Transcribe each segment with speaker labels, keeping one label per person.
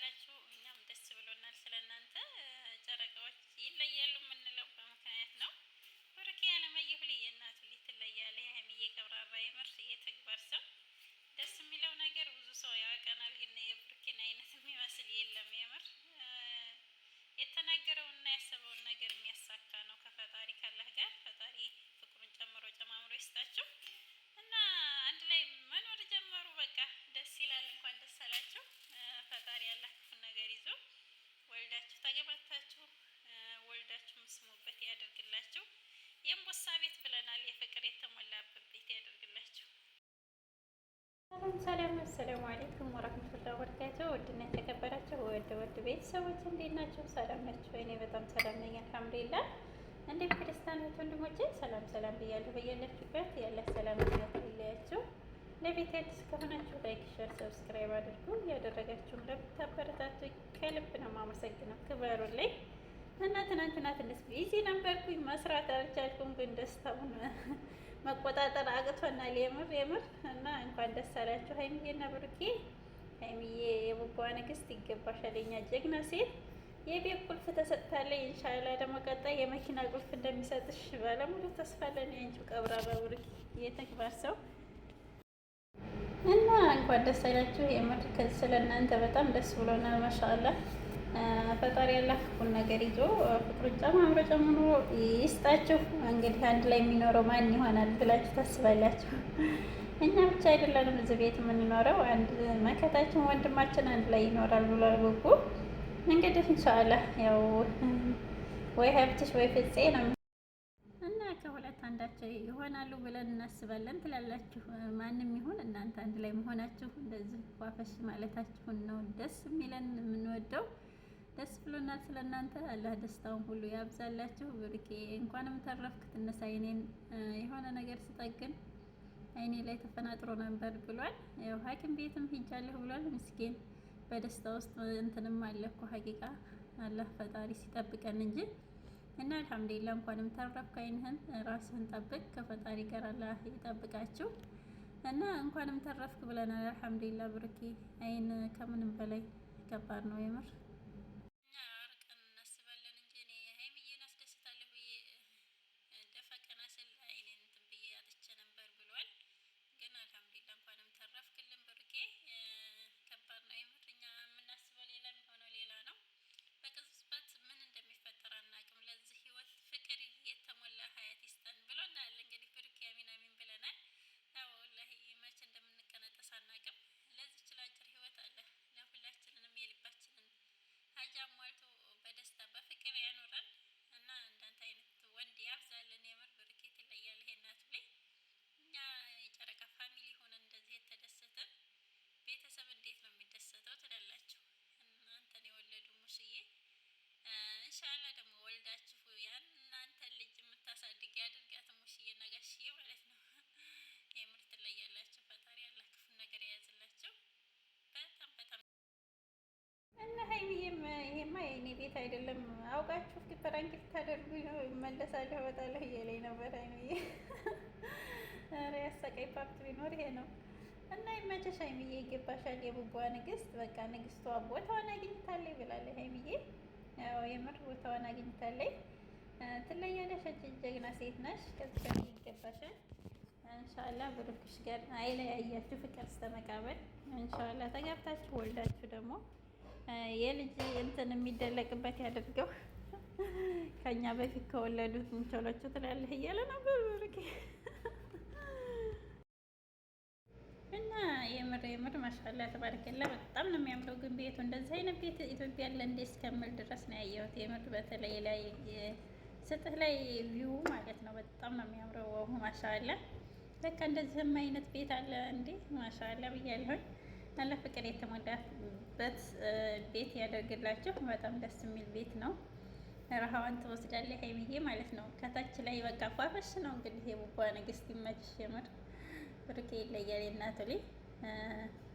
Speaker 1: ስላላችሁ እኛም ደስ ብሎናል። ስለ እናንተ ጨረቃዎች ይለያሉ የምንለው በምክንያት ነው። ብሩኬ ያለማየሁ ልጅ የእናቱ ልጅ ትለያለ የሀይሚዬ ቀብራራ የምር የተግባር ሰው ደስ የሚለው ነገር ብዙ ሰው ያውቀናል፣ ግን የብሩኬን አይነት የሚመስል የለም። የምር የተናገረውና ያሰበውን ነገር የሚያሳካ ነው ከፈጣሪ ካላህ ጋር ፈጣሪ ፍቅሩን ጨምሮ ጨማምሮ ይስጣችሁ። ተገባታችሁ ወልዳችሁ ምስሙበት ያደርግላችሁ። የእንቦሳ ቤት ብለናል። የፍቅር የተሞላበት ቤት ያደርግላችሁ።
Speaker 2: ሰላም አሰላሙ አለይኩም ወራህመቱላሂ ወበረካቱ። ውድና የተከበራችሁ ወድ ወድ ቤተሰቦች እንዴት ናችሁ? ሰላም ናችሁ? እኔ በጣም ሰላም ነኝ አልሐምዱሊላህ። እንዴት ክርስቲያን ወንድሞቼ ሰላም ሰላም ብያለሁ። በያላችሁበት ያለ ሰላም ያለያችሁ ለቤት አዲስ ከሆናችሁ ላይክ፣ ሸር፣ ሰብስክራይብ አድርጉ። እያደረጋችሁም ለምታበረታቱኝ ከልብ ነው የማመሰግነው። ክበሩ ላይ እና ትናንትና ትንሽ ቢዚ ነበርኩኝ መስራት አልቻልኩም፣ ግን ደስታውን መቆጣጠር አቅቶናል። የምር የምር እና እንኳን ደስ አላችሁ ሀይሚዬና ብሩኬ። ሀይሚዬ የቡባ ንግስት ይገባሻል፣ የኛ ጀግና ሴት። የቤት ቁልፍ ተሰጥታለች። ኢንሻላ ደግሞ ቀጣይ የመኪና ቁልፍ እንደሚሰጥሽ ባለሙሉ ተስፋ አለን። የአንቺው ቀብራራ ብሩኬ የተግባር ሰው እና እንኳን ደስ አይላችሁ። የምር ስለ እናንተ በጣም ደስ ብሎናል። ማሻአላ ፈጣሪ ያላ ነገር ይዞ ፍቅሩን አምሮ ጨምሮ ይስጣችሁ። እንግዲህ አንድ ላይ የሚኖረው ማን ይሆናል ብላችሁ ታስባላችሁ? እኛ ብቻ አይደለንም እዚህ ቤት የምንኖረው። አንድ መከታችን ወንድማችን አንድ ላይ ይኖራል ብሏል ጉጉ። እንግዲህ ኢንሻአላህ ያው ወይ ሀብትሽ ወይ ፍፄ ነው። አንዳቸው ይሆናሉ ብለን እናስባለን ትላላችሁ። ማንም ይሁን እናንተ አንድ ላይ መሆናችሁ እንደዚህ ዋፈሽ ማለታችሁን ነው ደስ የሚለን የምንወደው። ደስ ብሎናል ስለ እናንተ። አላህ ደስታውን ሁሉ ያብዛላችሁ። ብርቄ እንኳንም ተረፍክ። ትነሳ አይኔን የሆነ ነገር ስጠግን አይኔ ላይ ተፈናጥሮ ነበር ብሏል። ያው ሐኪም ቤትም ሂጃለሁ ብሏል። ምስኪን በደስታ ውስጥ እንትንም አለኩ ሀቂቃ አላህ ፈጣሪ ሲጠብቀን እንጂ እና አልሐምዱሊላ እንኳንም ተረፍክ። አይንህን ራስህን ጠብቅ፣ ከፈጣሪ ጋር አላህ ይጠብቃችሁ እና እንኳንም ተረፍክ ብለናል። አልሐምዱሊላ ብርኪ አይን ከምንም በላይ ከባድ ነው የምር ሀይሚዬም ይሄማ የእኔ ቤት አይደለም አውቃችሁ ፕራንክ ልታደርጉ ነው እመለሳለሁ እወጣለሁ እያለኝ ነበር። ሀይሚዬ ኧረ ያሳቀኝ ፓርት ቢኖር ይሄ ነው። እና ይመቸሽ ሀይሚዬ፣ ይገባሻል። የቡቧ ንግስት በቃ ንግስቷ ቦታዋን አግኝታለች ብላለች ሀይሚዬ። ያው የምር ቦታዋን አግኝታለች። ትለያለሽ፣ አንቺ ጀግና ሴት ነሽ። ከዚህ በላይ ይገባሻል። እንሻላ ብሩክሽ ጋር አይለያያችሁ፣ ፍቅር እስከ መቃብር እንሻላ። ተጋብታችሁ ወልዳችሁ ደግሞ የልጅ እንትን የሚደለቅበት ያደርገው። ከኛ በፊት ከወለዱት ምንቸሎቹ ትላለህ እያለ ነበር ብሩክ እና የምር የምር ማሻላ ተባረከላ። በጣም ነው የሚያምረው። ግን ቤቱ እንደዚህ አይነት ቤት ኢትዮጵያ አለ እንዴ እስከምል ድረስ ነው ያየሁት። የምር በተለይ ላይ ስጥህ ላይ ቪው ማለት ነው በጣም ነው የሚያምረው። ወሁ ማሻላ በቃ እንደዚህም አይነት ቤት አለ እንዴ ማሻላ ብያለሁኝ። አለ ፍቅር የተሞላት ያሉበት ቤት ያደርግላቸው። በጣም ደስ የሚል ቤት ነው። ረሃዋን ትወስዳለ ሀይሚዬ ማለት ነው። ከታች ላይ በቃ ፏፈሽ ነው እንግዲህ የቡባ ንግስት ይመችሽ። የምር ብሩኬ ይለያል። እናቱ ላይ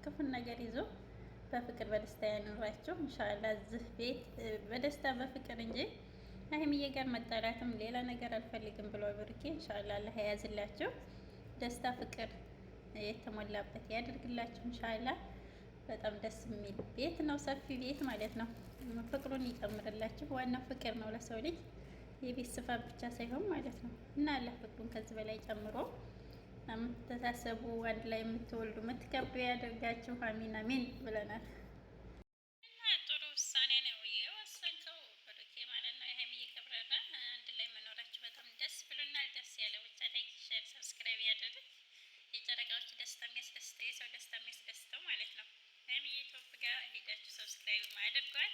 Speaker 2: ክፉን ነገር ይዞ በፍቅር በደስታ ያኑራችሁ እንሻላ። እዚህ ቤት በደስታ በፍቅር እንጂ ሀይሚዬ ጋር መጣላትም ሌላ ነገር አልፈልግም ብሏል ብሩኬ። እንሻላ አላህ ደስታ ፍቅር የተሞላበት ያደርግላችሁ። እንሻላ በጣም ደስ የሚል ቤት ነው፣ ሰፊ ቤት ማለት ነው። ፍቅሩን ይጨምርላችሁ። ዋናው ፍቅር ነው ለሰው ልጅ የቤት ስፋት ብቻ ሳይሆን ማለት ነው። እና አላህ ፍቅሩን ከዚህ በላይ ጨምሮ የምትተሳሰቡ አንድ ላይ የምትወልዱ የምትከብዱ ያደርጋችሁ። አሚን አሚን ብለናል።
Speaker 1: ደስታ የሚያስደስተው የሰው ደስታ የሚያስደስተው ማለት ነው። ሀይሚዬ ቶፕ ጋር ሄዳችሁ ሰብስክራይብ አድርጓል።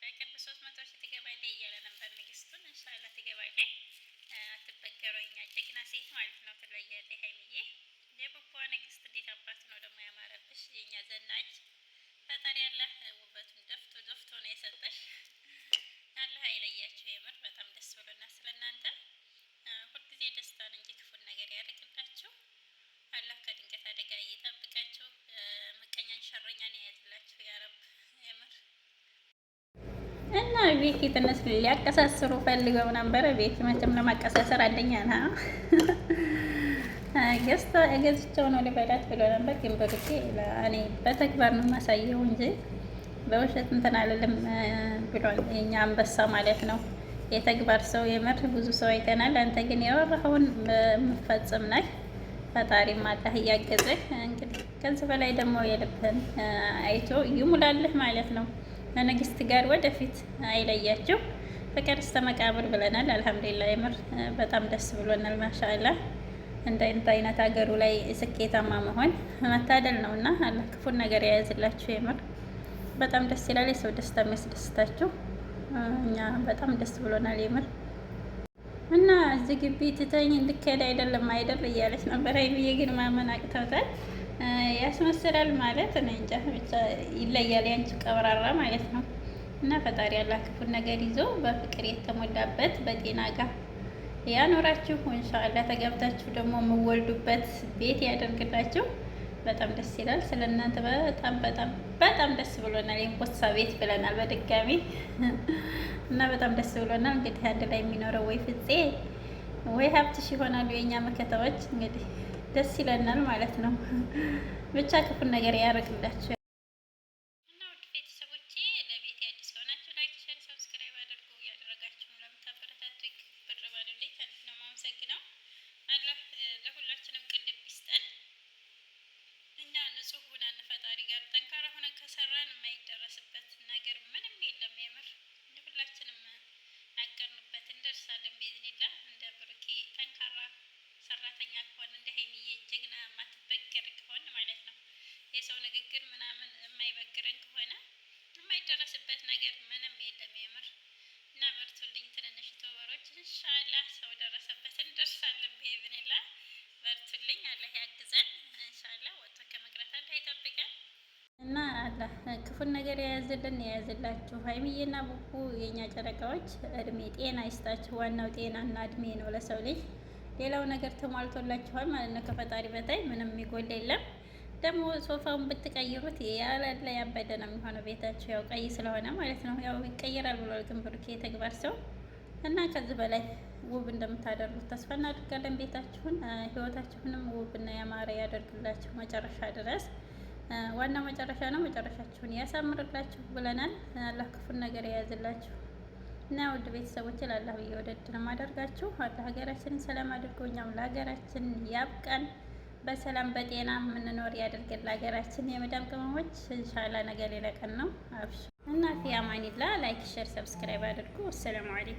Speaker 1: በቅርብ ሶስት መቶ ሺህ ትገባለች እያለ ነበር ንግስቱን። እንሻላ ትገባለች። አትበገረኛ ጀግና ሴት ማለት ነው። ትለያለች ሀይሚዬ። የቡባ ንግስት እንዴት አባት ነው ደግሞ ያማረብሽ የእኛ ዘናጅ ፈጣሪ ያለ ውበቱን ደፍቶ ደፍቶ ነው የሰጠሽ። አለ ሀይለያቸው የምር በጣም ደስ ብሎና ስለእናንተ
Speaker 2: ቤት ትንሽ ሊያቀሳስሩ ፈልገው ነበረ። ቤት መቼም ለማቀሳሰር አንደኛ ና ገዝታ ገዝቸው ነው ልበላት ብሎ ነበር። ግን በግዜ እኔ በተግባር ነው የማሳየው እንጂ በውሸት እንትን አልልም ብሎ እኛ አንበሳ ማለት ነው። የተግባር ሰው የምር ብዙ ሰው አይተናል። አንተ ግን የወራኸውን የምትፈጽም ነህ። ፈጣሪ ማጣህ እያገዘህ እንግዲህ ከዚህ በላይ ደግሞ የልብህን አይቶ ይሙላልህ ማለት ነው። ከንግስት ጋር ወደፊት አይለያቸው ፍቅር እስከ መቃብር ብለናል። አልሐምዱሊላ የምር በጣም ደስ ብሎናል። ማሻአላ እንዳይነት አይነት ሀገሩ ላይ ስኬታማ መሆን መታደል ነው እና አላህ ክፉን ነገር የያዝላችሁ። የምር በጣም ደስ ይላል። የሰው ደስታ የሚያስደስታችሁ እኛ በጣም ደስ ብሎናል የምር እና እዚህ ግቢ ትተኝ እንድከሄድ አይደለም አይደል እያለች ነበር። አይ ብዬ ግን ማመን አቅተውታል። ያስመስላል ማለት እኔ እንጃ ብቻ ይለያል። ያንቺ ቀብራራ ማለት ነው። እና ፈጣሪ ያላ ክፉን ነገር ይዞ በፍቅር የተሞላበት በጤና ጋር ያኖራችሁ። እንሻላ። ተገብታችሁ ደግሞ የምወልዱበት ቤት ያደርግላችሁ። በጣም ደስ ይላል። ስለ እናንተ በጣም በጣም በጣም ደስ ብሎናል። የንቦሳ ቤት ብለናል በድጋሚ እና በጣም ደስ ብሎናል። እንግዲህ አንድ ላይ የሚኖረው ወይ ፍፄ ወይ ሀብትሽ ይሆናሉ የእኛ መከታዎች እንግዲህ ደስ ይለናል ማለት ነው። ብቻ ክፉን ነገር ያደርግላቸው።
Speaker 1: የሰው ንግግር ምናምን የማይበግረኝ ከሆነ የማይደረስበት ነገር ምንም የለም የምር እና በርቱልኝ ትንንሽ ቶበሮች እንሻላ ሰው ደረሰበት እንደርሳለን ብሄብንላ በርቱልኝ አላህ ያግዘን እንሻላ ወጥቶ ከመቅረት አላህ ይጠብቀን
Speaker 2: እና አላህ ክፉን ነገር የያዝልን የያዝላችሁ ሀይሚዬና ቡቡ የእኛ ጨረቃዎች እድሜ ጤና ይስጣችሁ ዋናው ጤና እና እድሜ ነው ለሰው ልጅ ሌላው ነገር ተሟልቶላችኋል ማለት ነው ከፈጣሪ በታይ ምንም የሚጎል የለም ደግሞ ሶፋውን ብትቀይሩት ያለለ ያበደ ነው የሚሆነው ቤታቸው ያው ቀይ ስለሆነ ማለት ነው። ያው ይቀየራል ብሏል ግን ብሩኬ የተግባር ሰው እና ከዚህ በላይ ውብ እንደምታደርጉት ተስፋ እናደርጋለን። ቤታችሁን ህይወታችሁንም ውብና ያማረ ያደርግላችሁ መጨረሻ ድረስ ዋና መጨረሻ ነው። መጨረሻችሁን ያሳምርላችሁ ብለናል። አላህ ክፉን ነገር የያዝላችሁ እና ውድ ቤተሰቦች ላላህ ብዬ ወደድ ነው ማደርጋችሁ። አላህ ሀገራችንን ሰላም አድርጎ እኛም ለሀገራችን ያብቃን። በሰላም በጤና የምንኖር ያደርገን ለሀገራችን። የመዳም ቅመሞች እንሻላ ነገ ሌላ ቀን ነው። አብሽ እና ፊ አማኒላ። ላይክ፣ ሸር፣ ሰብስክራይብ አድርጉ። አሰላሙ አለይኩም